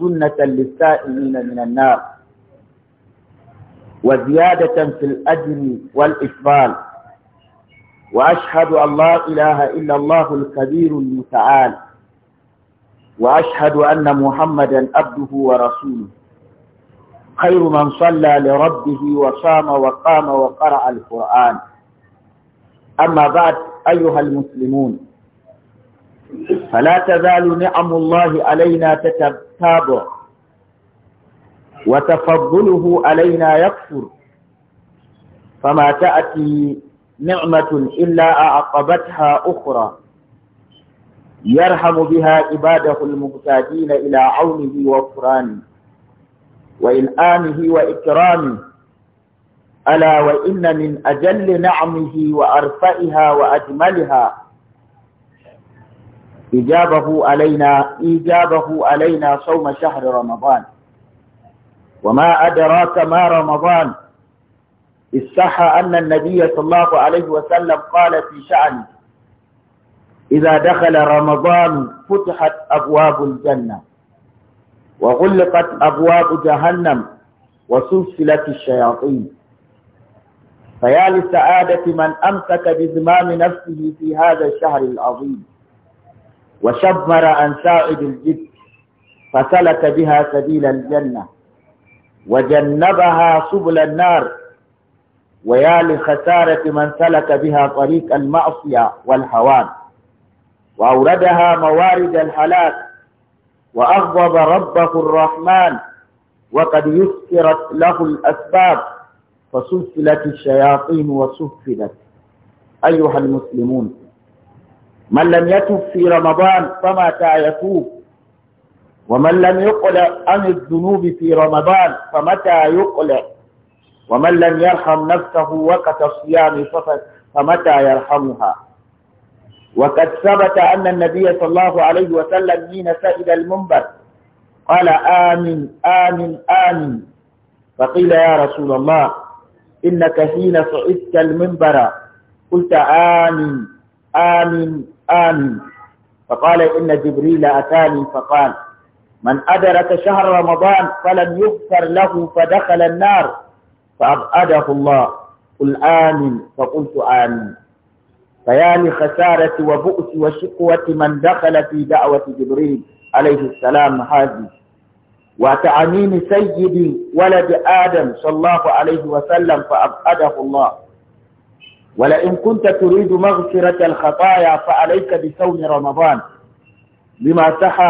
جنة للسائلين من النار وزيادة في الأجر والإقبال وأشهد أن لا إله إلا الله الكبير المتعال وأشهد أن محمدا عبده ورسوله خير من صلى لربه وصام وقام وقرأ القرآن أما بعد أيها المسلمون فلا تزال نعم الله علينا تتتابع وتفضله علينا يكفر فما تأتي نعمة إلا أعقبتها أخرى يرحم بها عباده المبتدين إلى عونه وغفرانه وإنآمه وإكرامه ألا وإن من أجل نعمه وأرفئها وأجملها إجابه علينا إجابه علينا صوم شهر رمضان وما أدراك ما رمضان استحى أن النبي صلى الله عليه وسلم قال في شأنه إذا دخل رمضان فتحت أبواب الجنة وغلقت أبواب جهنم وسلسلت الشياطين فيا لسعادة من أمسك بزمام نفسه في هذا الشهر العظيم وشبر عن سائد الجد فسلك بها سبيل الجنة وجنبها سبل النار ويا لخسارة من سلك بها طريق المعصية والهوان وأوردها موارد الحلاك وأغضب ربه الرحمن وقد يسرت له الأسباب فسلسلت الشياطين وسفلت أيها المسلمون من لم يتب في رمضان فمتى يتوب ومن لم يقلع عن الذنوب في رمضان فمتى يقلع ومن لم يرحم نفسه وقت الصيام فمتى يرحمها وقد ثبت أن النبي صلى الله عليه وسلم حين سئل المنبر قال آمن آمن آمن فقيل يا رسول الله إنك حين صعدت المنبر قلت آمن آمن آمين فقال إن جبريل أتاني فقال من أدرك شهر رمضان فلم يغفر له فدخل النار فأبعده الله قل آمن فقلت آمن فيا لخسارة وبؤس وشقوة من دخل في دعوة جبريل عليه السلام هذه وتعميم سيدي ولد آدم صلى الله عليه وسلم فأبعده الله ولئن كنت تريد مغفرة الخطايا فعليك بصوم رمضان لما صح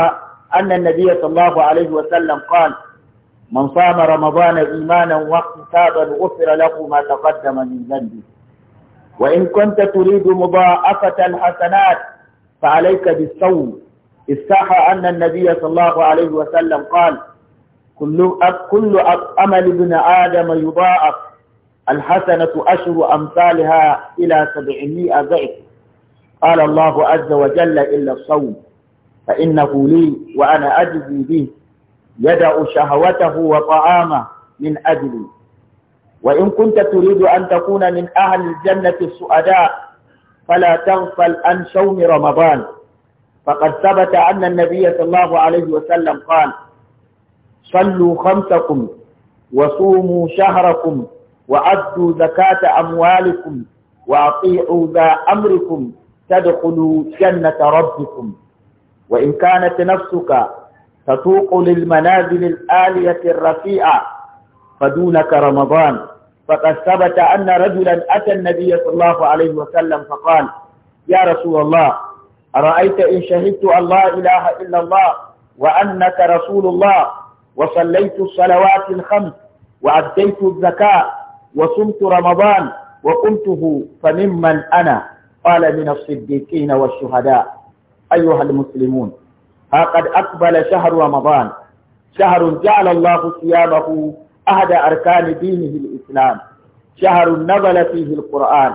أن النبي صلى الله عليه وسلم قال من صام رمضان إيمانا واحتسابا غفر له ما تقدم من ذنبه وإن كنت تريد مضاعفة الحسنات فعليك بالصوم إذ صح أن النبي صلى الله عليه وسلم قال كل كل عمل ابن آدم يضاعف الحسنة أشر أمثالها إلى سبعمائة ضعف قال الله عز وجل إلا الصوم فإنه لي وأنا أجزي به يدع شهوته وطعامه من أجلي وإن كنت تريد أن تكون من أهل الجنة السؤداء فلا تغفل عن شوم رمضان فقد ثبت أن النبي صلى الله عليه وسلم قال صلوا خمسكم وصوموا شهركم وأدوا زكاة أموالكم وأطيعوا ذا أمركم تدخلوا جنة ربكم وإن كانت نفسك تتوق للمنازل الآلية الرفيعة فدونك رمضان فقد ثبت أن رجلا أتى النبي صلى الله عليه وسلم فقال يا رسول الله أرأيت إن شهدت أن لا إله إلا الله وأنك رسول الله وصليت الصلوات الخمس وأديت الزكاة وصمت رمضان وقمته فممن أنا قال من الصديقين والشهداء أيها المسلمون ها قد أقبل شهر رمضان شهر جعل الله صيامه أحد أركان دينه الإسلام شهر نزل فيه القرآن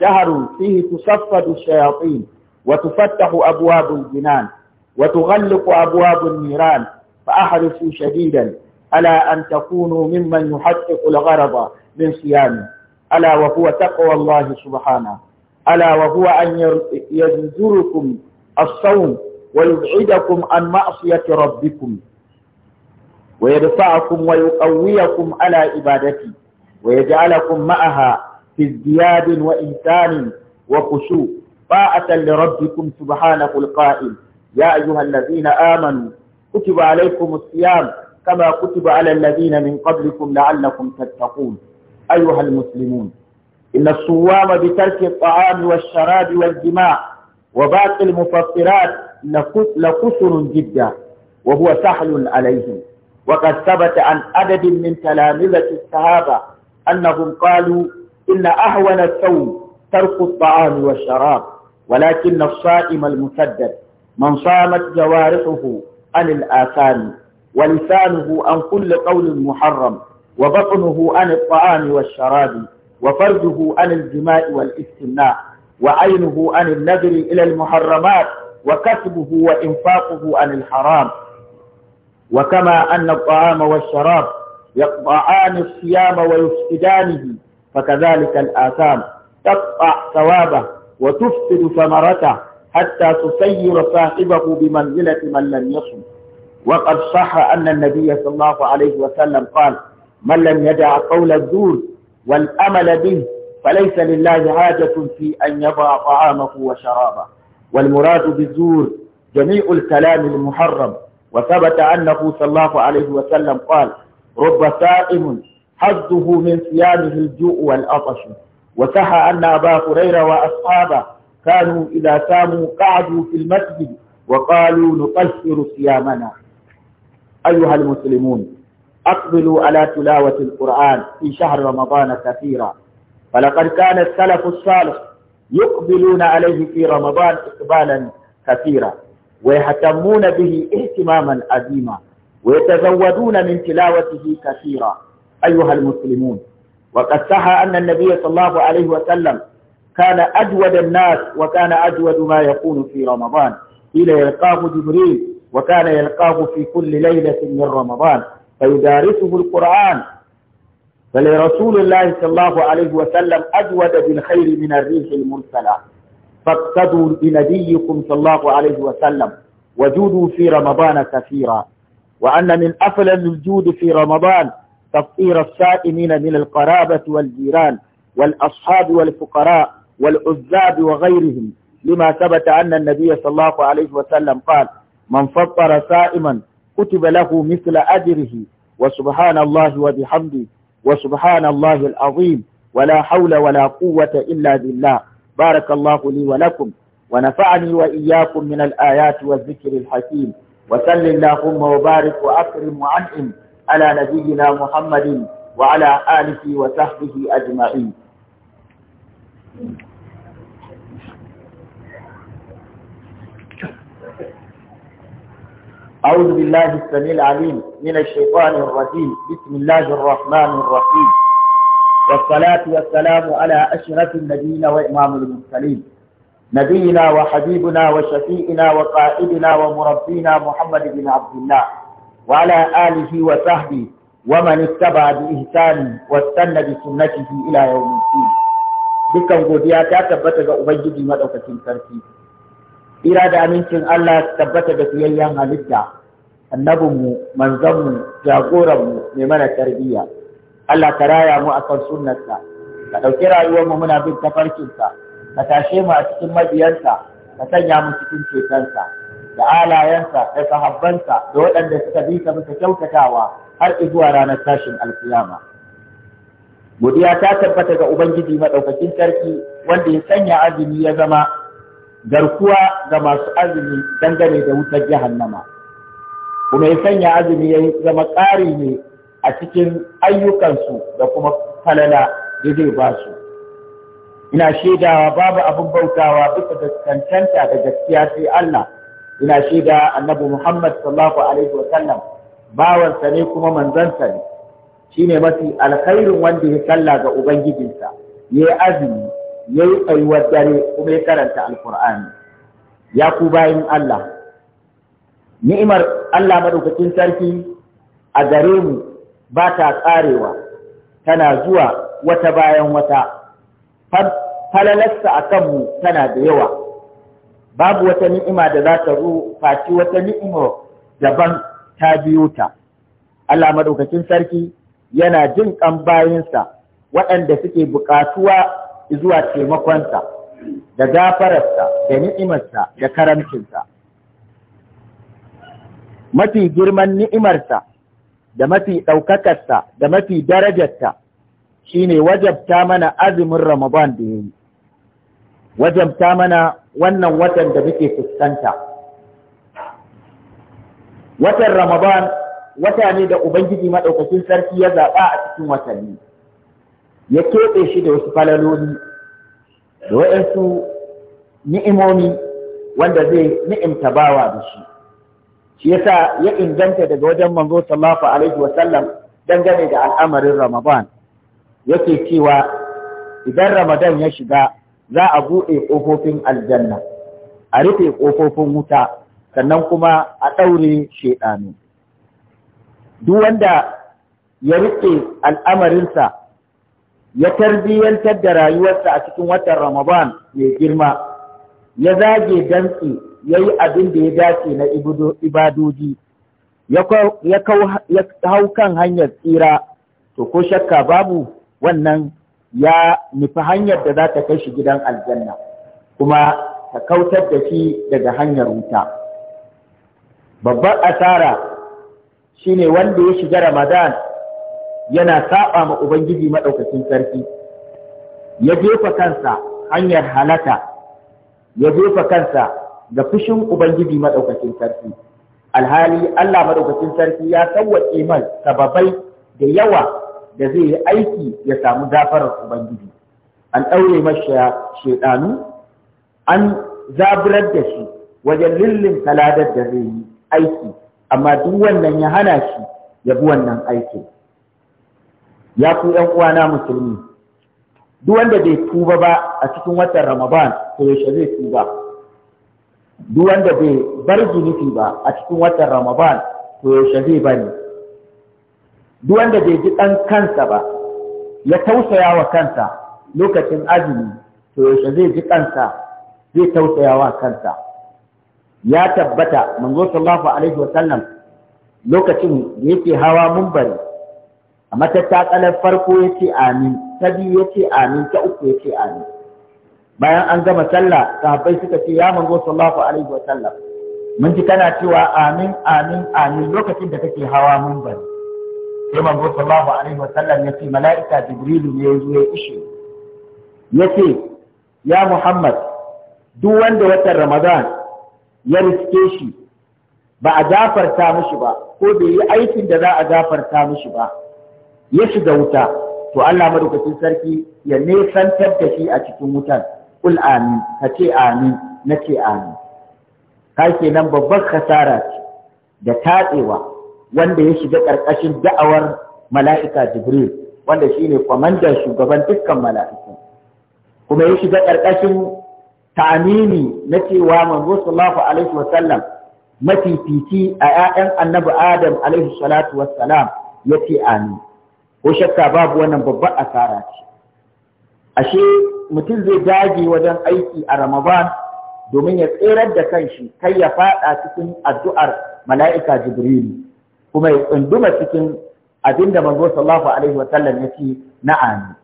شهر فيه تصفد الشياطين وتفتح أبواب الجنان وتغلق أبواب النيران فأحرصوا شديدا على أن تكونوا ممن يحقق الغرض من صيامه ألا وهو تقوى الله سبحانه ألا وهو أن ينذركم الصوم ويبعدكم عن معصية ربكم ويرفعكم ويقويكم على عبادته ويجعلكم معها في ازدياد وإنسان وخشوع طاعة لربكم سبحانه القائل يا أيها الذين آمنوا كتب عليكم الصيام كما كتب على الذين من قبلكم لعلكم تتقون أيها المسلمون إن الصوام بترك الطعام والشراب والجماع وباقي المفطرات لقسر جدا وهو سهل عليهم وقد ثبت عن عدد من تلامذة الصحابة أنهم قالوا إن أهون الثوم ترك الطعام والشراب ولكن الصائم المسدد من صامت جوارحه عن الآثام ولسانه عن كل قول محرم وبطنه عن الطعام والشراب وفرجه عن الجماع والاستمناء وعينه عن النذر إلى المحرمات وكسبه وإنفاقه عن الحرام وكما أن الطعام والشراب يقطعان الصيام ويفسدانه فكذلك الآثام تقطع ثوابه وتفسد ثمرته حتى تسير صاحبه بمنزلة من لم يصم وقد صح أن النبي صلى الله عليه وسلم قال من لم يدع قول الزور والأمل به فليس لله حاجة في أن يضع طعامه وشرابه والمراد بالزور جميع الكلام المحرم وثبت أنه صلى الله عليه وسلم قال رب سائم حظه من صيامه الجوء والعطش وصح أن أبا هريرة وأصحابه كانوا إذا ساموا قعدوا في المسجد وقالوا نقصر صيامنا أيها المسلمون أقبلوا على تلاوة القرآن في شهر رمضان كثيرا فلقد كان السلف الصالح يقبلون عليه في رمضان إقبالا كثيرا ويهتمون به اهتماما عظيما ويتزودون من تلاوته كثيرا أيها المسلمون وقد صح أن النبي صلى الله عليه وسلم كان أجود الناس وكان أجود ما يكون في رمضان إلى يلقاه جبريل وكان يلقاه في كل ليلة من رمضان فيدارسه القرآن فلرسول الله صلى الله عليه وسلم أجود بالخير من الريح المرسلة فاقتدوا بنبيكم صلى الله عليه وسلم وجودوا في رمضان كثيرا وأن من أفل الجود في رمضان تفطير السائمين من القرابة والجيران والأصحاب والفقراء والعزاب وغيرهم لما ثبت أن النبي صلى الله عليه وسلم قال من فطر سائما كتب له مثل أجره وسبحان الله وبحمده وسبحان الله العظيم ولا حول ولا قوة إلا بالله بارك الله لي ولكم ونفعني وإياكم من الآيات والذكر الحكيم وسل اللهم وبارك وأكرم وأنعم على نبينا محمد وعلى آله وصحبه أجمعين أعوذ بالله السميع العليم من الشيطان الرجيم بسم الله الرحمن الرحيم والصلاة والسلام على أشرف النبيين وإمام المرسلين نبينا وحبيبنا وشفيئنا وقائدنا ومربينا محمد بن عبد الله وعلى آله وصحبه ومن اتبع بإحسان واستنى بسنته إلى يوم الدين بكم godiya ta tabbata ga Ubangiji madaukakin ira da amincin Allah tabbata da fiyayyen halitta annabinmu manzanmu jagoranmu mai mana tarbiyya Allah ka raya mu akan sunnarsa ka ɗauki rayuwarmu muna bin tafarkinsa ka tashe mu a cikin mabiyansa ka sanya mu cikin cetonsa da alayensa da sahabbansa da waɗanda suka bi ta bisa kyautatawa har zuwa ranar tashin alkiyama. Godiya ta tabbata ga Ubangiji maɗaukacin sarki wanda ya sanya azumi ya zama garkuwa ga masu azumi dangane da wutar jahannama kuma ya sanya azumi ya zama ƙari ne a cikin ayyukansu da kuma falala da zai ba su ina shaidawa babu abin bautawa bisa da cancanta da gaskiya sai Allah ina shaida annabi Muhammad sallallahu alaihi wa sallam bawansa ne kuma manzansa ne Shi ne mafi alkhairin wanda ya salla ga ubangijinsa yi azumi ya yi tsayuwar dare kuma ya karanta alkur'ani ya ku bayan Allah ni'imar Allah madaukakin sarki a gare mu ba ta karewa tana zuwa wata bayan wata falalarsa a kanmu tana da yawa babu wata ni'ima da za ta zo faci wata ni'ima daban ta biyo ta Allah madaukakin sarki yana jin ƙan bayinsa waɗanda suke buƙatuwa zuwa taimakonsa da gafararsa da ni'imarsa da karamcinsa mafi girman ni'imarsa da mafi ɗaukakarsa da mafi darajarta ne wajabta mana azumin ramadan da ya yi, wajabta mana wannan watan da muke fuskanta watan ramadan wata ne da ubangiji maɗaukacin sarki ya zaɓa a cikin watanni ya keɓe shi da wasu falaloli da waɗansu ni'imomi wanda zai ni'imta bawa da shi shi yasa ya inganta daga wajen manzo sallallahu alaihi wa sallam dangane da al'amarin Ramadan yake cewa idan Ramadan ya shiga za a buɗe ƙofofin aljanna a rufe ƙofofin wuta sannan kuma a ɗaure shaiɗanu duk wanda ya rufe al'amarinsa ya tarbiyyantar da rayuwarsa a cikin watan Ramadan mai girma, ya zage dantsi ya yi abin da ya dace na ibadoji, ya hau kan hanyar tsira, to ko shakka babu wannan ya nufi hanyar da za ta kai shi gidan aljanna, kuma ta kautar da shi daga hanyar wuta. Babbar asara shi ne wanda ya shiga Ramadan yana saba ma ubangiji madaukakin sarki ya jefa kansa hanyar halaka ya jefa kansa ga fushin ubangiji madaukakin sarki alhali Allah madaukakin sarki ya sawwaƙe mai sababai da yawa da zai yi aiki ya samu zafarar ubangiji an ɗaure masa shaiɗanu. an zaburar da shi wajen lillin taladar da zai yi aiki amma duk wannan ya hana shi ya bi wannan aikin ya ku ƴan uwana musulmi duk wanda bai tuba ba a cikin watan Ramadan to yaushe zai tuba duk wanda bai bar zunubi ba a cikin watan Ramadan to yaushe zai bari duk wanda bai ji dan kansa ba ya tausaya wa kansa lokacin azumi to yaushe zai ji kansa zai tausaya wa kansa ya tabbata manzo sallallahu alaihi wa sallam lokacin da yake hawa bari. ta kalar farko ya ce amin ta biyu ya ce amin ta uku ya ce amin bayan an gama sallah sahabbai suka ce ya manzo sallallahu alaihi wa sallam mun ji kana cewa amin amin amin lokacin da kake hawa munbari sai manzo sallallahu alaihi wa sallam ya ce mala'ika jibrilu ya zo ya ishe ya ce ya muhammad duk wanda watan ramadan ya riske shi ba a gafarta mishi ba ko bai yi aikin da za a gafarta mishi ba ya shiga wuta to Allah madaukakin sarki ya nesantar da shi a cikin wutan kul amin ka ce amin na ce amin ka kenan babbar kasara ce da tatsewa wanda ya shiga ƙarƙashin da'awar mala'ika jibril wanda shine kwamandan shugaban dukkan mala'iku kuma ya shiga ƙarƙashin ta'amini na cewa manzo sallallahu alaihi wasallam mafifici a 'ya'yan annabi adam alaihi salatu wassalam ya ce amin ko shakka babu wannan babbar asara ce ashe mutum zai dage wajen aiki a ramadan domin ya tserar da kanshi kai ya fada cikin addu'ar mala'ika jibrilu kuma ya tsunduma cikin abinda manzo sallallahu alaihi wa sallam yake na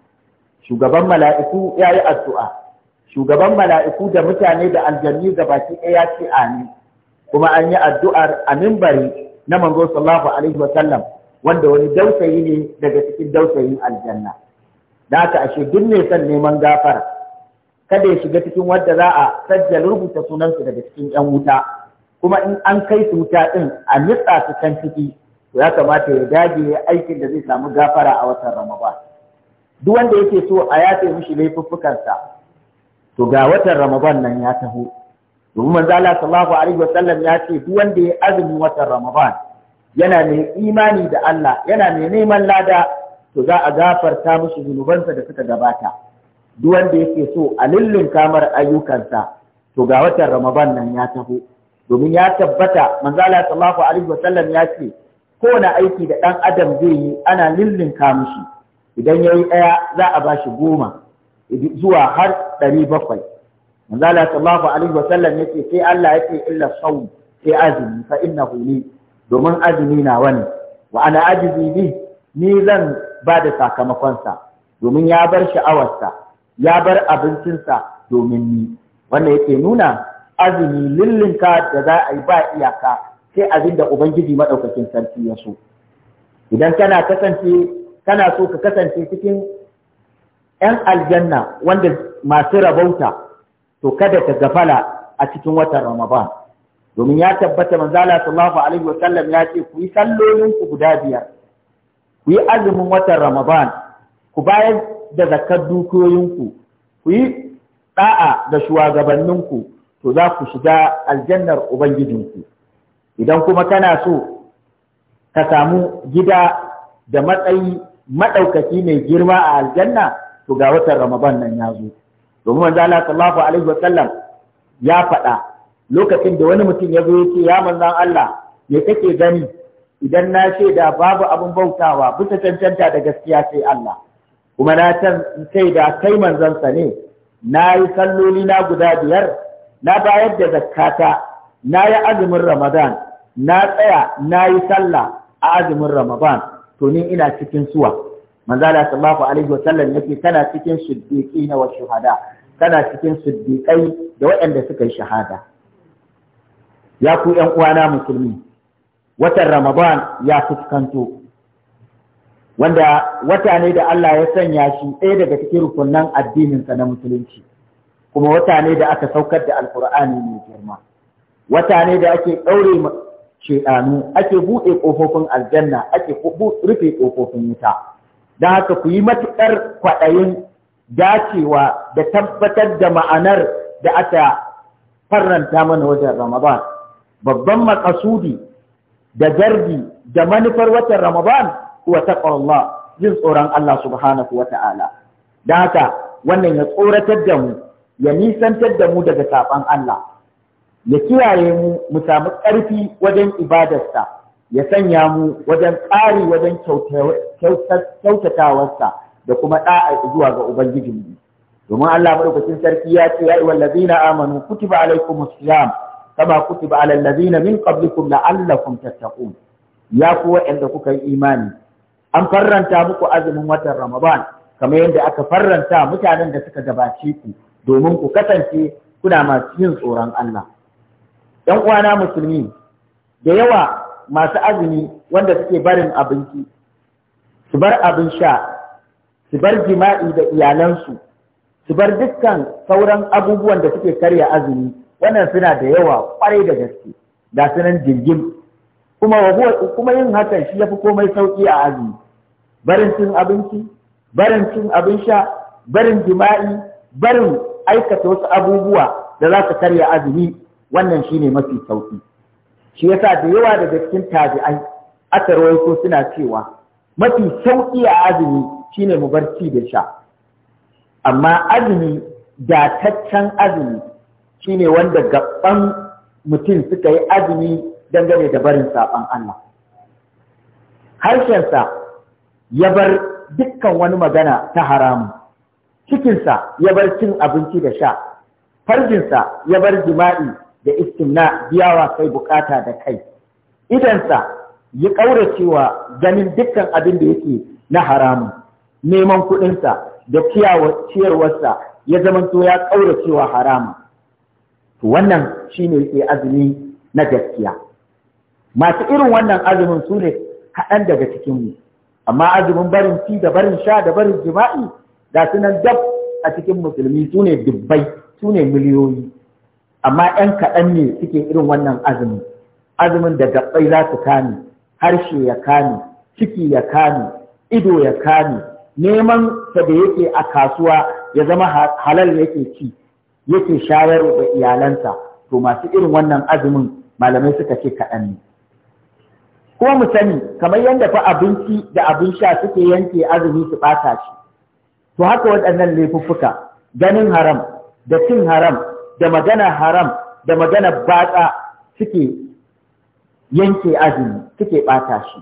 shugaban mala'iku ya yi addu'a shugaban mala'iku da mutane da aljanni baki ɗaya ce amin kuma an yi addu'ar a mimbari na manzo sallallahu alaihi wa sallam wanda wani dausayi ne daga cikin dausayin aljanna da haka ashe duk ne san neman gafara kada ya shiga cikin wanda za a sajjal rubuta sunansu daga cikin yan wuta kuma in an kai su wuta din a nitsa su can ciki to ya kamata ya dage aikin da zai samu gafara a watan ramadan duk wanda yake so a yafe mishi laifuffukansa to ga watan ramadan nan ya taho domin manzo Allah sallallahu alaihi wasallam ya ce duk wanda ya azumi watan ramadan yana mai imani da Allah yana mai neman lada to za a gafarta musu zunubansa da suka gabata duk wanda yake so a lullun kamar ayyukansa to ga watan Ramadan nan ya taho domin ya tabbata manzo Allah sallallahu alaihi wasallam ya ce kowane aiki da ɗan adam zai yi ana lullun mushi idan yayi ɗaya za a bashi goma zuwa har ɗari bakwai manzo Allah sallallahu alaihi wasallam ya ce sai Allah ya ce illa sawm sai azumi fa innahu li domin azumi na wani wa ana ajizi bi ni zan ba da sakamakonsa domin ya bar sha'awarsa ya bar abincinsa domin ni wannan yake nuna azumi lillinka da za a yi ba iyaka sai abin da ubangiji maɗaukakin sarki ya so idan kana kasance kana so ka kasance cikin 'yan aljanna wanda masu rabauta to kada ka gafala a cikin watan ramadan domin ya tabbata manzala sallallahu alaihi wa sallam ya ce ku yi sallolin ku guda biyar ku yi azumin watan ramadan ku bayar da zakar dukiyoyinku ku yi da'a da shugabanninku to za ku shiga aljannar ubangijinku idan kuma kana so ka samu gida da matsayi madaukaki mai girma a aljanna to ga watan ramadan nan ya zo domin manzala sallallahu alaihi wa sallam ya faɗa lokacin da wani mutum ya zo ya ce ya manzan Allah ya kake gani idan na ce da babu abin bautawa bisa cancanta da gaskiya sai Allah kuma na can sai da kai manzansa ne na yi salloli na guda biyar na bayar da zakkata na yi azumin ramadan na tsaya na yi sallah a azumin ramadan to ni ina cikin suwa manzala sallallahu alaihi wasallam yake tana cikin siddiqina wa shuhada tana cikin siddiqai da waɗanda suka yi shahada ya ku ‘yan uwana musulmi, watan Ramadan ya fuskanto, wanda wata ne da Allah ya sanya shi ɗaya daga cikin rukunan addininsa na musulunci, kuma wata ne da aka saukar da alkur'ani mai girma, wata ne da ake ɗaure shaidanu, ake buɗe ƙofofin aljanna, ake rufe ƙofofin wuta. Don haka ku yi matuƙar kwaɗayin dacewa da tabbatar da ma'anar da aka farranta mana wajen Ramadan. babban makasudi da gardi da manufar watan Ramadan huwa taqwallah jin tsoron Allah subhanahu wa ta'ala da haka wannan ya tsoratar da mu ya nisantar da mu daga saban Allah ya kiyaye mu mu samu ƙarfi wajen ibadarsa ya sanya mu wajen ƙari wajen kyautatawarsa da kuma ɗa'a zuwa ga ubangijinmu domin Allah madaukakin sarki ya ce ya ayyuhal ladina amanu kutiba alaikumus siyam kama kutiba ala allazina min qablikum la'allakum tattaqun ya ku wa'anda kuka yi imani an farranta muku azumin watan Ramadan kamar yadda aka farranta mutanen da suka gabace ku domin ku kasance kuna masu yin tsoron Allah ‘yan uwana musulmi da yawa masu azumi wanda suke barin abinci su bar abin sha su bar jima'i da iyalansu su bar dukkan sauran abubuwan da suke karya azumi wannan suna da yawa kwarai da gaske da sunan jirgin kuma kuma yin hakan shi ya fi komai sauki a azumi barin cin abinci barin cin abin sha barin jima'i barin aikata wasu abubuwa da za su karya azumi wannan shine mafi sauki shi yasa da yawa daga cikin tabi'ai aka rawaito suna cewa mafi sauki a azumi shine mu bar da sha amma azumi dataccen azumi Shi ne wanda gaban mutum suka yi azumi dangane da barin saɓan Allah. Harshensa ya bar dukkan wani magana ta haramu, cikinsa ya bar cin abinci da sha, farjinsa ya bar jima'i da iskin istimna biyawa kai bukata da kai, idansa ya ƙaura cewa ganin dukkan abin da yake na haramu, neman kuɗinsa da ciyarwarsa ya zamanto ya ƙaura cewa haramu. to wannan shi ne yake azumi na gaskiya masu irin wannan azumin su ne kaɗan daga cikinmu. amma azumin barin ci da barin sha da barin jima'i da su nan dab a cikin musulmi su ne dubbai su ne miliyoyi amma 'yan kaɗan ne suke irin wannan azumi azumin da gabbai za su kame harshe ya kame ciki ya kame ido ya kame neman sa da yake a kasuwa ya zama halal yake ci yake shayar da iyalansa to masu irin wannan azumin malamai suka ce kaɗan ne ko mu sani kamar yadda fa abinci da abin sha suke yanke azumi su ɓata shi to haka waɗannan laifuffuka ganin haram da cin haram da magana haram da magana batsa suke yanke azumi suke ɓata shi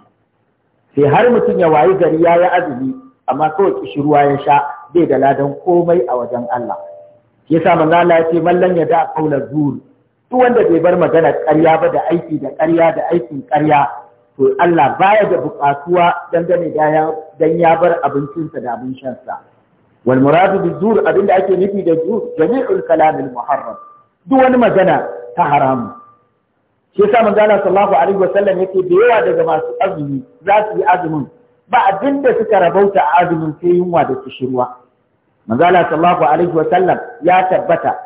sai har mutum ya wayi gari ya yi azumi amma kawai kishirwa ya sha bai da ladan komai a wajen Allah yasa manzo Allah ya ce mallan ya da qaula zur duk wanda bai bar magana ƙarya ba da aiki da ƙarya da aikin ƙarya to Allah baya da buƙatuwa dangane da ya dan ya bar abincinsa da abin shansa wal muradu bi zur abinda ake nufi da zur jami'ul kalam al muharram duk wani magana ta haramu shi yasa manzo Allah sallallahu alaihi wasallam yake da yawa daga masu azumi za su yi azumin ba abinda suka rabauta a azumin sai yunwa da kishirwa manzala sallallahu alaihi wa sallam ya tabbata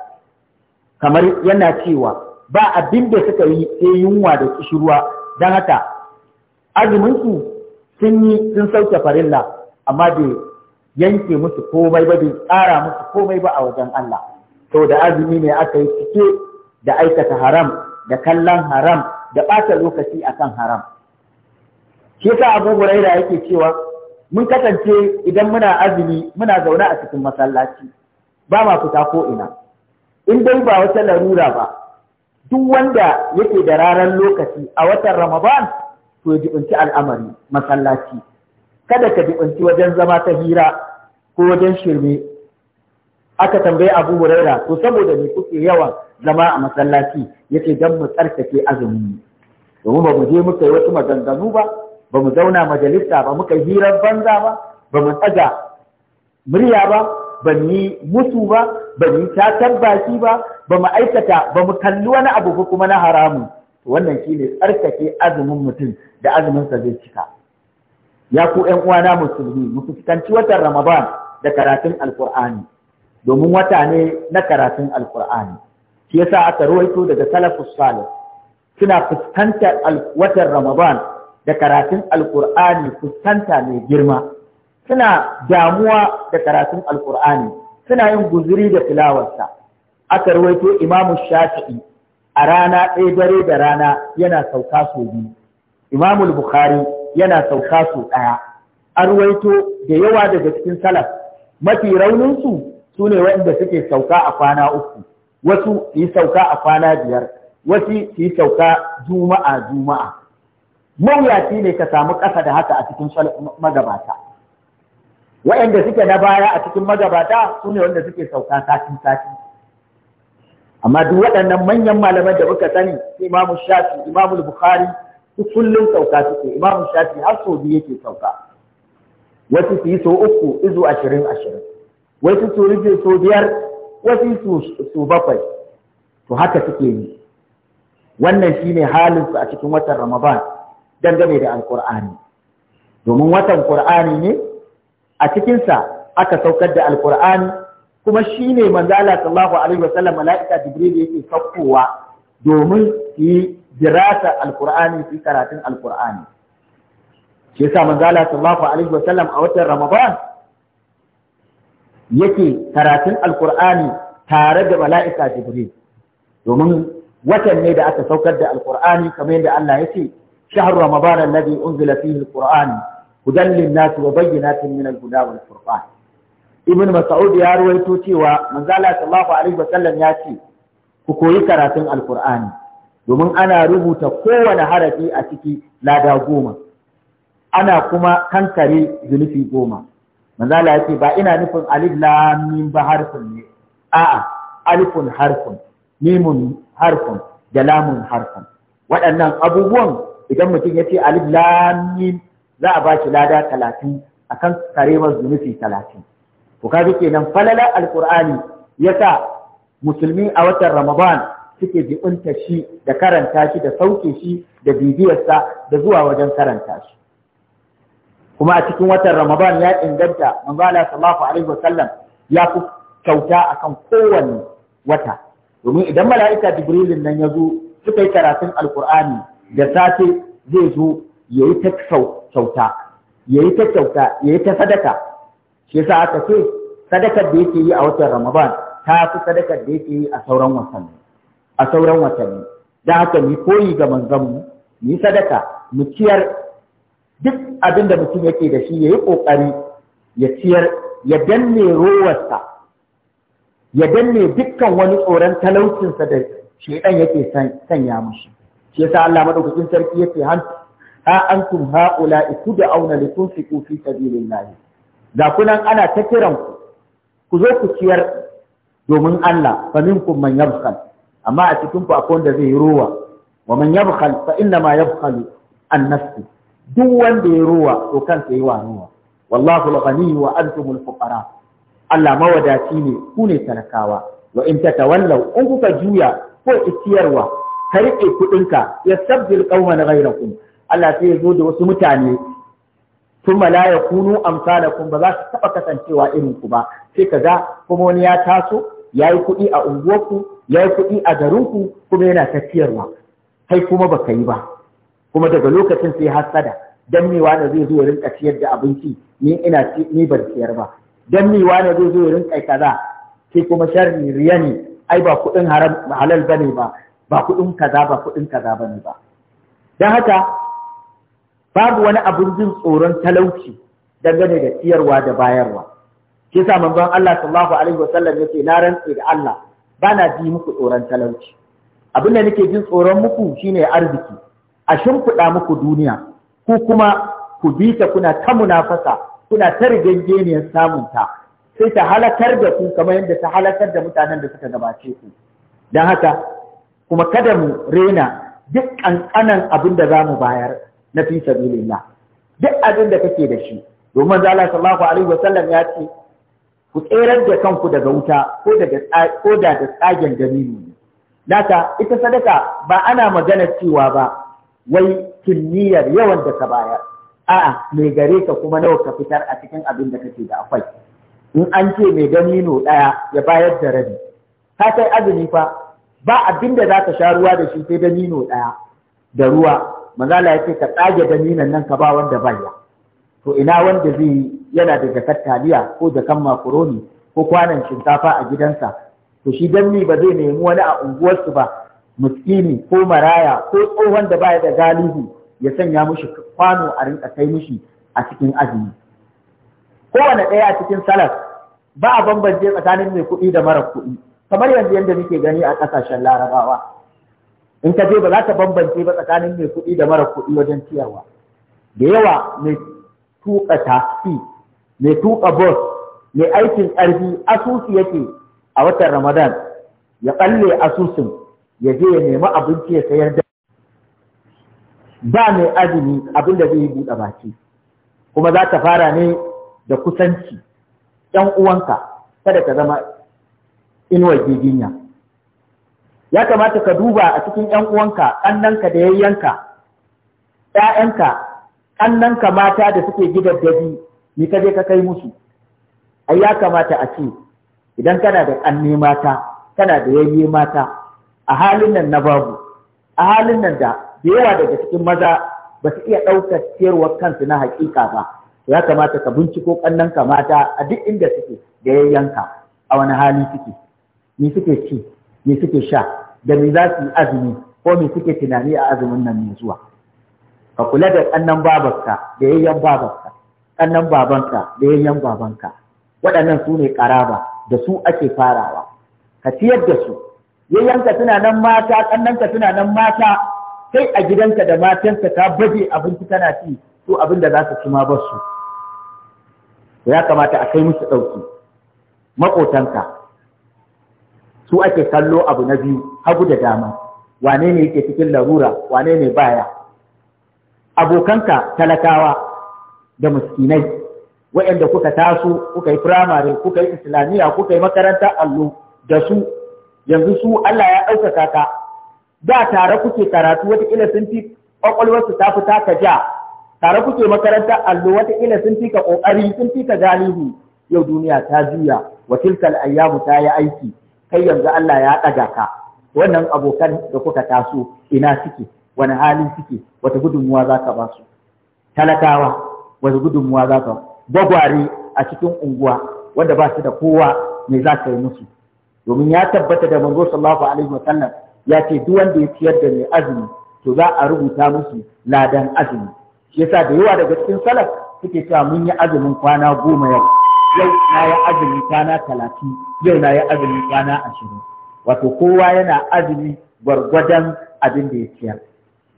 kamar yana cewa ba abin da suka yi sai yunwa da kishirwa don haka azumin su sun yi sun sauke farilla amma bai yanke musu komai ba bai tsara musu komai ba a wajen Allah to da azumi ne aka yi cike da aikata haram da kallon haram da ɓata lokaci akan haram shi yasa Abu Hurairah yake cewa mun kasance idan muna azumi muna zaune a cikin masallaci ba ma fita ko ina in dai ba wata larura ba duk wanda yake da ranar lokaci a watan ramadan to ya jibinci al'amari masallaci kada ka jibinci wajen zama ta hira ko wajen shirme aka tambayi abu huraira to saboda me kuke yawan zama a masallaci yake dan mu tsarkake azumi domin ba mu je muka yi wasu maganganu ba ba mu zauna majalisa ba muka hirar banza ba ba mu tsaga murya ba bamu yi musu ba bamu yi tatar baki ba ba mu aikata ba mu kalli wani abu ba kuma na haramun wannan ne tsarkake azumin mutum da azuminsa zai cika ya ku ƴan uwana musulmi mu fuskanci watan ramadan da karatun alqur'ani domin wata ne na karatun alqur'ani shi yasa aka ruwaito daga salafus salih suna fuskantar watan ramadan da karatun alkur'ani fuskanta mai girma suna damuwa da karatun alkur'ani suna yin guzuri da filawarsa aka ruwaito imamu shafi'i a rana ɗaya dare da rana yana sauka sau biyu imamu bukhari yana sauka sau ɗaya an ruwaito da yawa daga cikin salaf mafi rauninsu su ne waɗanda suke sauka a kwana uku wasu yi sauka a kwana biyar wasu yi sauka juma'a juma'a shi ne ka samu ƙasa da haka a cikin magabata waɗanda suke na baya a cikin magabata su ne wanda suke sauka satin sati amma duk waɗannan manyan malaman da muka sani imamu shafi imamu bukhari su kullum sauka suke imamu shafi har sau biyu yake sauka wasu su yi sau uku izu ashirin ashirin wasu su rufe sau biyar wasu su bakwai to haka suke yi wannan shine halinsu a cikin watan ramadan dangane da alkur'ani domin watan qur'ani ne a cikinsa aka saukar da alkur'ani kuma shi ne manzo Allah sallallahu alaihi wasallam mala'ika jibril yake saukowa domin yi dirasa alkur'ani su karatun alkur'ani shi yasa manzo Allah sallallahu alaihi wasallam a watan ramadan yake karatun alkur'ani tare da mala'ika jibril domin watan ne da aka saukar da alkur'ani kamar yadda Allah ya ce شهر رمضان الذي أنزل فيه القرآن هدى للناس وبينات من الهدى والفرقان ابن مسعود يا رويتو تيوا من زال الله عليه وسلم ياتي ku koyi karatun alkur'ani domin ana rubuta kowane harafi a ciki lada goma ana kuma kankare zunufi goma manzala ya ba ina nufin alif lam mim ba harfin ne a'a alifun harfun mimun harfun da lamun harfun waɗannan abubuwan idan mutum ya ce alif lam za a ba shi lada talatin akan karemar zunubi talatin to kaga kenan falalar alqur'ani yasa musulmi a watan ramadan suke jibinta shi da karanta shi da sauke shi da bibiyarsa da zuwa wajen karanta shi kuma a cikin watan ramadan ya inganta manzo Allah sallallahu alaihi wasallam ya fi kyauta akan kowanne wata domin idan mala'ika jibrilin nan ya zo suka yi karatun alqur'ani da safe zai zo ya yi ta kyauta ya yi ta kyauta ya yi ta sadaka shi yasa aka ce sadakar da yake yi a watan ramadan ta fi sadakar da yake yi a sauran watanni a sauran watanni da haka mu koyi ga manzon mu sadaka mu ciyar duk abin da mutum yake da shi ya yi kokari ya ciyar ya danne rowarsa ya danne dukkan wani tsoron talaucinsa da shaidan yake sanya mushi shi yasa Allah madaukakin sarki yake han ha antum haula tud'auna litunfiqu fi sabilillah da kunan ana ta kiran ku ku zo ku ciyar domin Allah fa minkum man yabkhal amma a cikin ku akwai wanda zai yi ruwa wa man yabkhal fa inna ma yabkhalu an nafsi duk wanda ya ruwa to kansa yi ruwa wallahu al-ghani wa antumul fuqara Allah mawadaci ne ku ne talakawa wa in tatawallaw in kuka juya ko ciyarwa ka riƙe kuɗinka ya sabbil gaira ku Allah sai ya zo da wasu mutane ya kunu yakunu amsalakum ba za su taɓa kasancewa irin ku ba sai ga kuma wani ya taso ya yi kuɗi a unguwarku ya yi kuɗi a garinku kuma yana tafiyarwa kai kuma ba ka yi ba kuma daga lokacin sai hasada dan me wani zai zo ya rinƙa ciyar da abinci ni ina ni ban ciyar ba dan me wani zai zo ya rinka kaza sai kuma sharri riya ne ai ba kuɗin halal bane ba ba kuɗin kaza ba kuɗin kaza ba ne ba don haka babu wani abin jin tsoron talauci dangane da ciyarwa da bayarwa Ke sa manzon Allah sallallahu alaihi ya yace na rantse da Allah ba na ji muku tsoron talauci abin da nake jin tsoron muku shine arziki a shimfiɗa muku duniya ku kuma ku bi ta kuna ta munafasa kuna ta rigangeniyar samun ta sai ta halakar da ku kamar yadda ta halakar da mutanen da suka gabace ku don haka kuma kada mu rena duk ƙanƙanan abin da za mu bayar na fi sabilillah duk abin da kake da shi domin zala sallallahu alaihi sallam ya ce ku tserar da kanku daga wuta ko da da tsagen dalilu ne naka ita sadaka ba ana magana cewa ba wai kinniyar yawan da ka bayar a'a mai gare ka kuma nawa ka fitar a cikin abin da kake da akwai in an ce mai damino ɗaya ya bayar da rabi ka kai azumi fa ba abin da za ka sha ruwa da shi sai nino ɗaya da ruwa manzala ya ce ka tsage daninon nan ka ba wanda baya to ina wanda zai yi yana da jakar taliya ko jakan makaroni ko kwanan shinkafa a gidansa to shi danni ba zai nemi wani a unguwarsu ba miskini ko maraya ko tsohon da baya da galihu ya sanya mushi kwano a rinka kai mushi a cikin azumi kowane ɗaya a cikin salas ba a bambance tsakanin mai kuɗi da mara kuɗi kamar yanzu yadda muke gani a ƙasashen larabawa in ka je ba za ka bambance ba tsakanin mai kuɗi da mara kuɗi wajen ciyarwa da yawa mai tuƙa tasi, mai tuƙa bus mai aikin ƙarfi asusu yake a watan ramadan ya ɓalle asusun ya je ya nemi abinci ya sayar da ba mai azumi abin da zai buɗe baki kuma za ta fara ne da kusanci ‘yan uwanka kada ka zama inuwar giginya ya kamata ka duba a cikin ‘yan uwanka, ƙannanka da yayyanka, ‘ya'yanka, ƙannanka mata da suke gidan dabi, ni ka je ka kai musu. Ai ya kamata a ce, idan kana da ƙanne mata, kana da yayye mata, a halin nan na babu, a halin nan da da yawa daga cikin maza ba su iya ɗaukar ciyarwar kansu na haƙiƙa ba, ya kamata ka binciko ƙannanka mata a duk inda suke da yayyanka, a wani hali suke. me suke ci me suke sha da me za su yi azumi ko me suke tunani a azumin nan mai zuwa ka kula da ƙannan babarka da yayyan babarka ƙannan babanka da yayyan babanka waɗannan su ne ƙaraba da su ake farawa ka ciyar da su ka suna nan mata ƙannanka suna nan mata Sai a gidanka da matanka ka baje abinci kana ci su abin da za su ci ma ba su ya kamata a kai musu ɗauki maƙotanka su ake kallo abu na biyu hagu da dama wane ne yake cikin larura wane ne baya abokanka talakawa da muskinai waɗanda kuka taso kuka yi firamare kuka yi islamiyya kuka yi makaranta allo da su yanzu su Allah ya ɗaukaka ka da tare kuke karatu wataƙila sun fi ƙwaƙwalwarsu ta fi taka ja tare kuke makarantar allo wata wataƙila sun fi ka ƙoƙari sun fi ka galihu yau duniya ta juya wa tilkal ayyamu ta yi aiki kai yanzu Allah ya ɗaga ka wannan abokan da kuka taso ina suke wani halin suke wata gudunmuwa za ka ba su talakawa wata gudunmuwa za ka gwagware a cikin unguwa wanda ba su da kowa me za ka yi musu domin ya tabbata da manzo sallallahu alaihi wasallam ya ce duk wanda ya ciyar da mai azumi to za a rubuta musu ladan azumi shi yasa da yawa daga cikin salaf suke cewa mun yi azumin kwana goma yau yau na yi azumi kwana talatin yau na yi azumi kwana ashirin wato kowa yana azumi gwargwadon abin da ya ciyar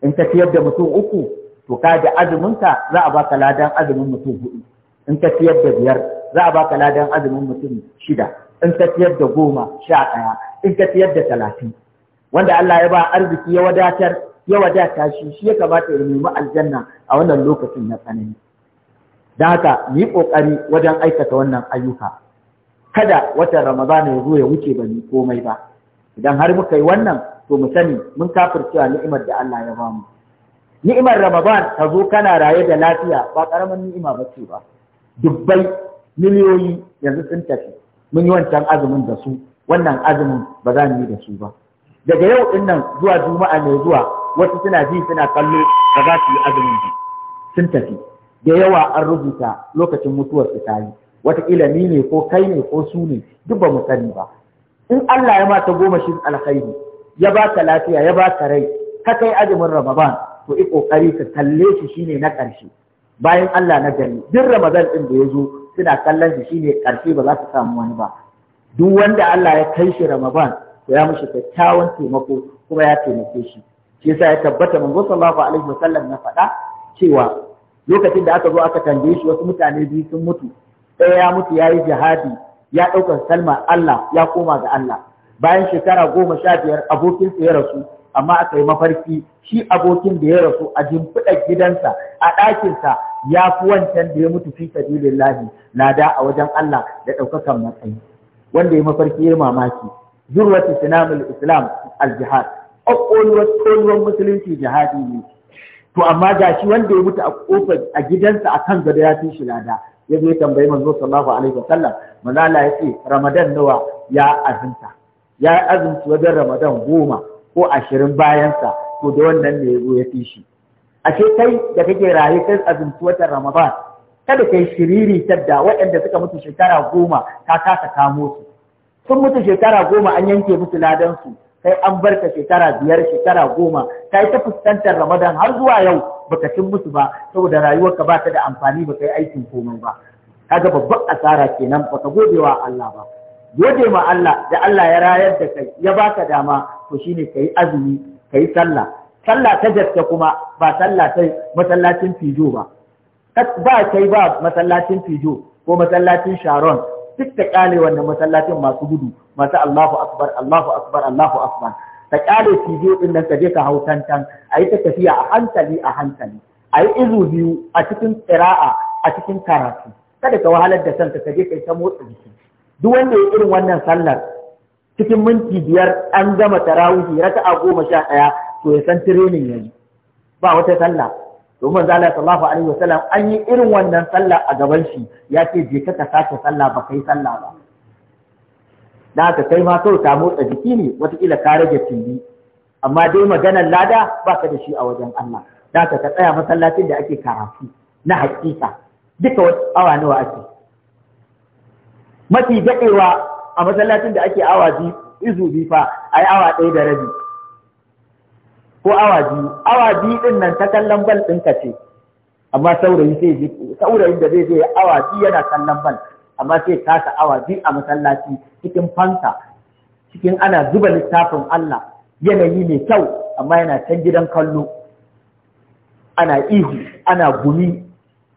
in ka ciyar da mutum uku to ka da azuminka za a baka ladan azumin mutum hudu in ka ciyar da biyar za a baka ladan azumin mutum shida in ka ciyar da goma sha ɗaya in ka ciyar da talatin wanda Allah ya ba arziki ya wadatar ya wadata shi shi ya kamata ya nemi aljanna a wannan lokacin na tsanani da haka yi ƙoƙari wajen aikata wannan ayyuka kada watan ramadana ya zo ya wuce ba ni komai ba idan har muka yi wannan to mu sani mun cewa ni'imar da Allah ya mu. ni'imar ramadan ta zo kana raye da lafiya ba karamin ni'ima ba ce ba dubbai miliyoyi yanzu sun tafi mun yi wancan azumin da su wannan azumin ba za mu yi da su ba daga yau din nan zuwa juma'a mai zuwa wasu suna ji suna kallo ba za su yi azumin sun tafi da yawa an rubuta lokacin mutuwar su tayi wataƙila ni ne ko kai ne ko su ne duk ba mu sani ba in Allah ya mata goma shi alkhairi ya baka lafiya ya baka rai ka kai azumin Ramadan to i kokari ka kalle shi shine na ƙarshe bayan Allah na gari duk Ramadan din da ya zo suna kallon shi shine ƙarshe ba za su samu wani ba duk wanda Allah ya kai shi Ramadan to ya mishi kyakkyawan taimako kuma ya taimake shi shi yasa ya tabbata manzo sallallahu alaihi wasallam na faɗa cewa lokacin da aka zo aka tambaye shi wasu mutane biyu sun mutu ɗaya ya mutu ya yi jihadi ya ɗaukar salma Allah ya koma ga Allah bayan shekara goma sha biyar abokinsa ya rasu amma aka yi mafarki shi abokin da ya rasu a jimfiɗa gidansa a ɗakinsa ya fi wancan da ya mutu fi sabilillahi da a wajen Allah da ɗaukakan matsayi wanda ya mafarki ya mamaki zurwatu sinamul islam al jihad ƙwaƙƙolwar musulunci jihadi ne to amma ga shi wanda ya mutu a kofar a gidansa a kan gado ya fi shi lada ya zai tambayi manzo sallallahu alaihi wasallam manala ya ce ramadan nawa ya azumta ya azumci wajen ramadan goma ko ashirin bayansa ko da wannan ne ya ya fi shi ashe kai da kake raye kai azumci wajen ramadan kada kai shiriri tadda waɗanda suka mutu shekara goma ka kasa kamo su sun mutu shekara goma an yanke musu ladansu Sai an bar ta shekara biyar shekara goma ta yi ta fuskantar ramadan har zuwa yau baka cin musu ba saboda rayuwarka ba ta da amfani ba yi aikin komai ba kaga babban asara kenan baka gode wa Allah ba gode ma Allah da Allah ya rayar da kai ya baka dama to shine kai azumi kai sallah sallah ta gaske kuma ba sallah ta masallacin fijo ba ba kai ba masallacin fijo ko masallacin sharon duk ta kyale wannan masallacin masu gudu masu Allahu akbar Allahu akbar Allahu akbar ta kyale cizo din nan ka je ka hau tantan ayi ta tafiya a hankali a hankali ayi izu biyu a cikin tsira'a a cikin karatu kada ka wahalar da santa ka je kai ta motsa jiki duk wanda ya irin wannan sallar cikin minti biyar an gama tarawihi raka'a goma sha ɗaya to ya san tirenin yayi ba wata sallah domin zala sallallahu alaihi wasallam an yi irin wannan sallah a gaban shi ya ce je ka ka sake sallah ba kai sallah ba da ka kai ma kawai ta motsa jiki ne kila ka rage tilli amma dai maganar lada ba ka da shi a wajen Allah da ka ka tsaya masallacin da ake karatu na hakika duka wata awa nawa ake mafi daɗewa a masallacin da ake awa biyu izu bi fa a awa ɗaya da rabi ko awa biyu awa biyu din nan ta kallon bal ɗinka ce amma saurayi sai ji saurayin da zai je awa biyu yana kallon bal amma sai kasa awa biyu a masallaci cikin fanka cikin ana zuba littafin Allah yanayi mai kyau amma yana can gidan kallo ana ihu ana gumi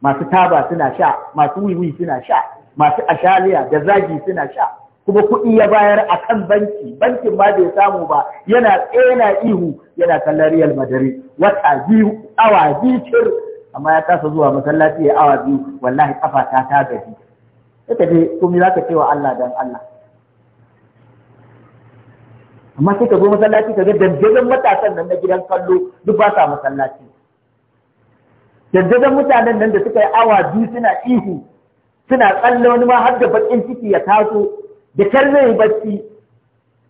masu taba suna sha masu wiwi suna sha masu ashaliya da zagi suna sha kuma kuɗi ya bayar a kan banki bankin ma bai samu ba yana tsena ihu yana kallon real madrid wata biyu awa biyu cir amma ya kasa zuwa masallaci ya awa biyu wallahi kafa ta ta gaji ita dai kuma za ka cewa Allah dan Allah amma sai ka zo masallaci ka ga dandazon matasan nan na gidan kallo duk ba sa masallaci dandazon mutanen nan da suka yi awa biyu suna ihu suna tsalle wani ma har da bakin ciki ya taso da kar yi bacci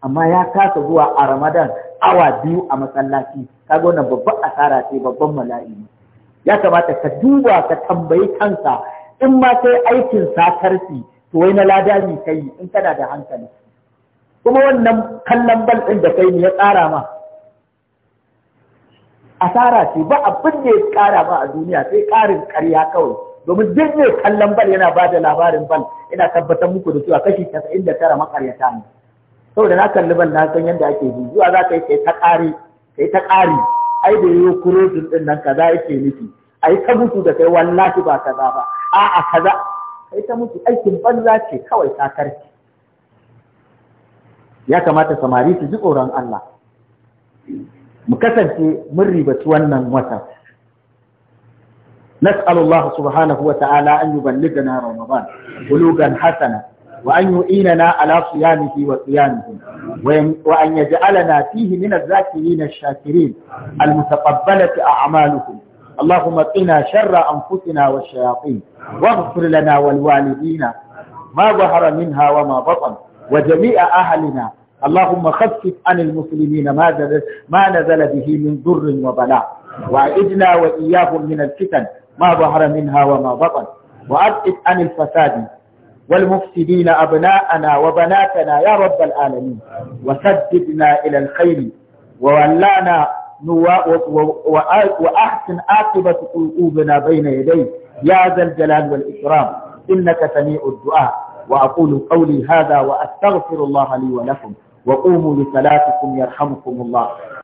amma ya kasa zuwa a ramadan awa biyu a masallaci kaga wannan babban asara ce babban mala'i ya kamata ka duba ka tambayi kansa in ma sai aikin satarci to wai na lada ne kai in kana da hankali kuma wannan kallon bal ɗin da kai ne ya tsara ma asara ce ba abin da ya tsara ma a duniya sai ƙarin karya kawai domin duk mai kallon bal yana ba da labarin bal ina tabbatar muku da cewa kashi casa'in da tara makaryata ne saboda na kalli bal na san yadda ake bi zuwa za ka yi kai ta ƙari kai ta ƙari ai da yiwu kurotun ɗin nan kaza yake nufi ai ta mutu da kai wallahi ba kaza ba a'a kaza kai ta mutu aikin banza ce kawai ta karki ya kamata samari su ji tsoron Allah mu kasance mun ribaci wannan watan نسأل الله سبحانه وتعالى أن يبلغنا رمضان بلوغا حسنا وأن يعيننا على صيامه وقيامه وأن يجعلنا فيه من الذاكرين الشاكرين المتقبلة أعمالهم اللهم قنا شر أنفسنا والشياطين واغفر لنا والوالدين ما ظهر منها وما بطن وجميع أهلنا اللهم خفف عن المسلمين ما نزل, ما نزل به من ضر وبلاء وأعدنا وإياهم من الفتن ما ظهر منها وما بطن وأبعد عن الفساد والمفسدين أبناءنا وبناتنا يا رب العالمين وسددنا إلى الخير وولانا وأحسن عاقبة قلوبنا بين يديك يا ذا الجلال والإكرام إنك سميع الدعاء وأقول قولي هذا وأستغفر الله لي ولكم وقوموا لصلاتكم يرحمكم الله